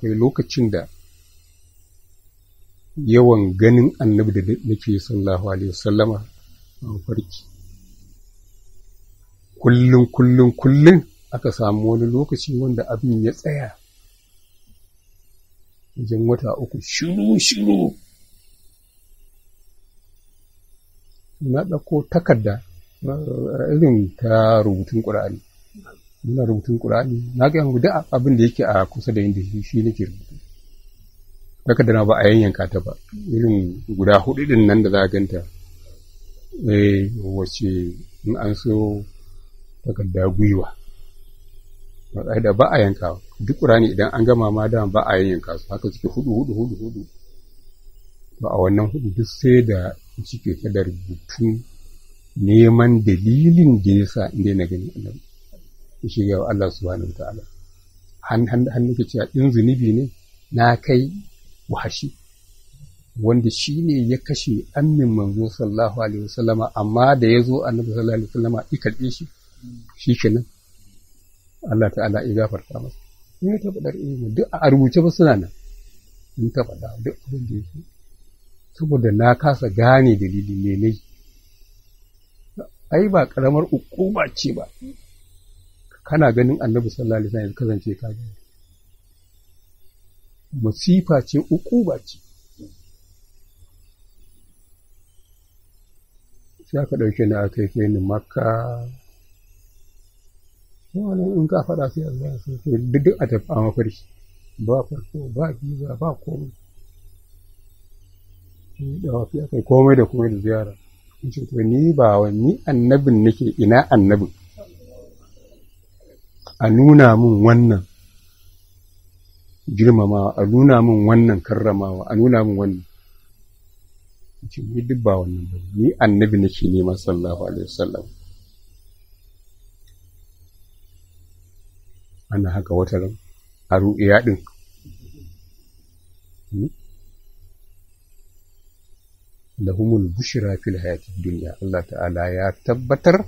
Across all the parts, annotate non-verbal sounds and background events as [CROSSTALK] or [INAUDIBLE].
akwai lokacin da yawan ganin annabi da nake sallahu alaihi wasallama a farki kullum kullum kullum aka samu wani lokaci wanda abin ya tsaya wajen wata uku shiru shiru na ɗauko takarda irin ta rubutun ƙur'ani muna rubutun ƙura'ani? na ga muku duk abin da yake a kusa da inda shi nake rubutu daga da na ba a yanyanka ta ba irin guda hudu din nan da za a ganta eh wace in an so takarda gwiwa Ba a da ba a yanka duk ƙurani idan an gama ma da ba a yanka su haka suke hudu hudu hudu hudu to a wannan hudu duk sai da suke ta da rubutu neman dalilin da yasa inda na gani annabi ya shirya wa Allah subhanahu ta'ala han nake cewa in zunubi ne na kai wahashi wanda shi ne ya kashe ammin manzo sallallahu alaihi wasallama amma da ya zo annabi sallallahu alaihi wasallama i karɓe shi shi kenan Allah ta'ala ya gafarta masa in taɓa ɗar ilimi duk a rubuce ba suna nan in taɓa faɗa duk abin da yake saboda na kasa gane dalili ne ne ai ba karamar ba ce ba kana ganin annabi sallallahu alaihi wasallam kasance ka musifa ce uku ba ce sai aka dauke ni aka kai ni makka wani in ka faɗa sai Allah sai to duk a tafi a mafarki ba farko ba biza ba komai ni da wafi aka komai da komai da ziyara in ce to ni ba wani annabin nake ina annabin a nuna min wannan girmamawa a nuna min wannan karramawa a nuna min wannan ce ni duk ba wannan ba ni annabi nake neman sallallahu alaihi wasallam ana haka wata ran a ru'iya din hmm? lahumul bushra fil hayatid dunya Allah ta'ala ya tabbatar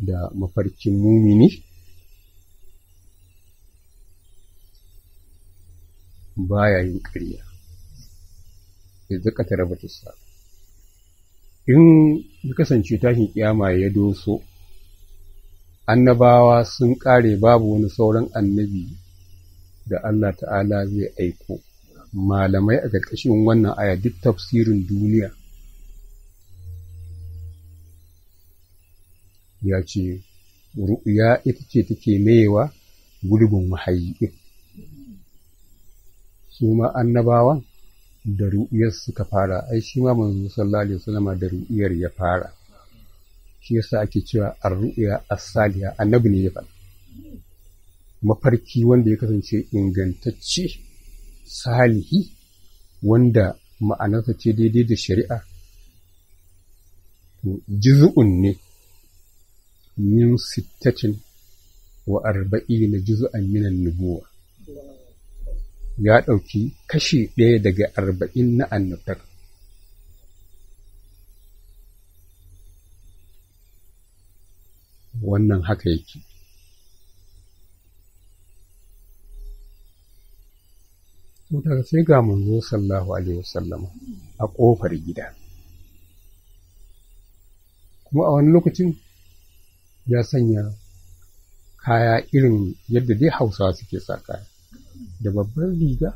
da mafarkin mumini baya yin ƙarya da zaka tara bata in ya kasance tashin kiyama ya doso annabawa sun ƙare babu wani sauran annabi da Allah ta'ala zai aiko malamai a ƙarƙashin wannan aya duk tafsirin duniya ya ce ru'ya ita ce take mewa gulbin wahayi su ma annabawan da ru'iyar suka fara ai shi ma manzo sallallahu alaihi wasallam da ru'iyar ya fara shi yasa ake cewa ar-ru'ya as-saliha annabi ne ya faɗa mafarki wanda ya kasance ingantacce salihi wanda ma'anarsa ce daidai da shari'a juz'un ne min sittatin wa arba'ina juz'an minan nubuwa ya ɗauki kashi ɗaya daga arba'in na annabtar wannan haka yake daga sai ga manzo sallahu alaihi a ƙofar gida kuma a wani lokacin ya sanya kaya irin yadda dai hausawa suke sa kaya da babban riga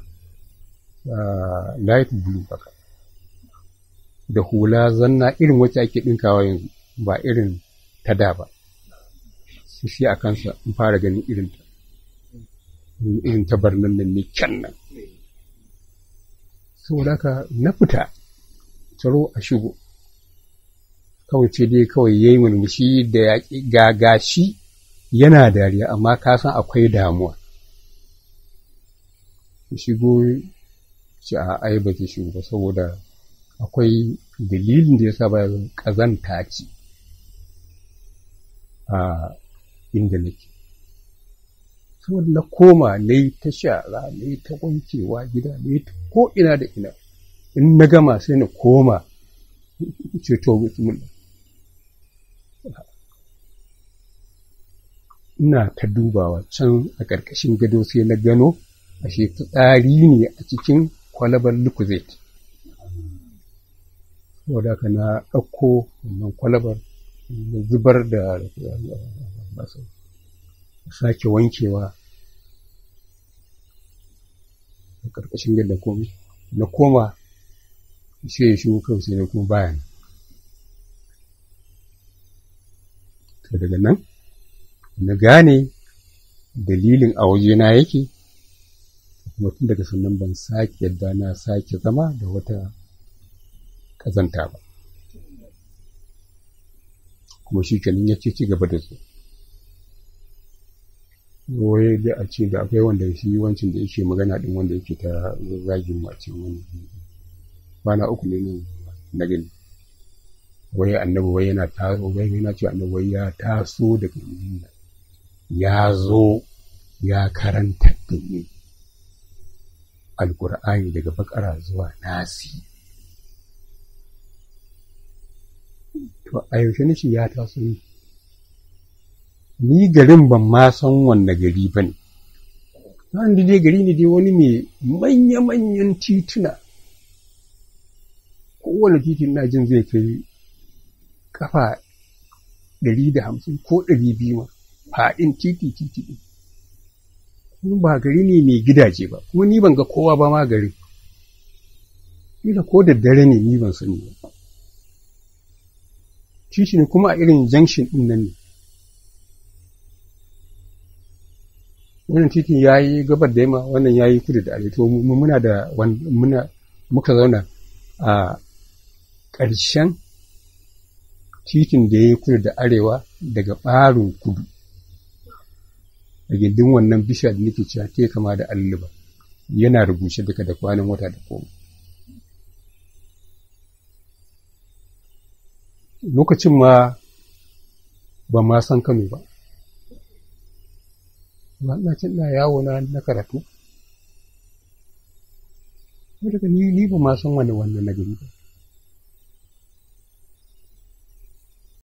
light blue haka da hula zanna irin wacce ake ɗinkawa yanzu ba irin ta da ba Su shi a kansa in fara ganin irin ta irin ta bar nan ne can nan saboda ka na fita tsaro a shigo kawai ce dai kawai ya yi murmushi da ya gagashi yana dariya amma ka san akwai damuwa shigo shi a shi ba saboda akwai dalilin da ya saba ƙazanta ce a inda nake saboda na koma na yi ta shara na yi ta wankewa gida na yi ta ko ina da ina in na gama sai na koma [LAUGHS] ceto mutumin ina ta dubawa can a ƙarƙashin gado sai na gano ashe tsari ne a cikin kwalabar liquid saboda ka na ɗauko wannan kwalabar na zubar da sake wankewa a ƙarƙashin gado komai na koma sai ya shigo sai na kuma bayan daga nan na gane dalilin a wajena yake kuma tun daga sannan ban sake yadda na sake zama da wata kazanta ba kuma shi kanin ya ce ci gaba da su wai da a ce da akwai wanda shi wancin da yake magana din wanda yake ta zagin mace wani bana uku ne na gani wai annabi wai yana taso wai yana ce annabi wai ya taso daga inda ya zo ya karanta da ni alƙur'ani daga bakara zuwa nasi to a yaushe shi ya taso ni Ni garin ban ma san wanne gari ba ne an dai gari ne dai wani mai manya-manyan tituna kowane titin na jin zai kai kafa ɗari da hamsin ko ɗari biyu ma faɗin titi titi ɗin kuma ba gari ne mai gidaje ba kuma ni ban ga kowa ba ma gari kila ko da dare ne ni ban sani ba shi ne kuma a irin junction ɗin nan ne wannan titin ya yi gabar da yamma wannan ya yi kudu da arewa muna da muna muka zauna a ƙarshen titin da ya yi kudu da arewa daga ɓarin kudu da gindin wannan bishiya da nake cewa ke kama da alluba yana rubuce duka da kwanan wata da komai lokacin ma ba ma san kano ba na ce ina yawo na na karatu ni ni ba ma san wani wannan na gari ba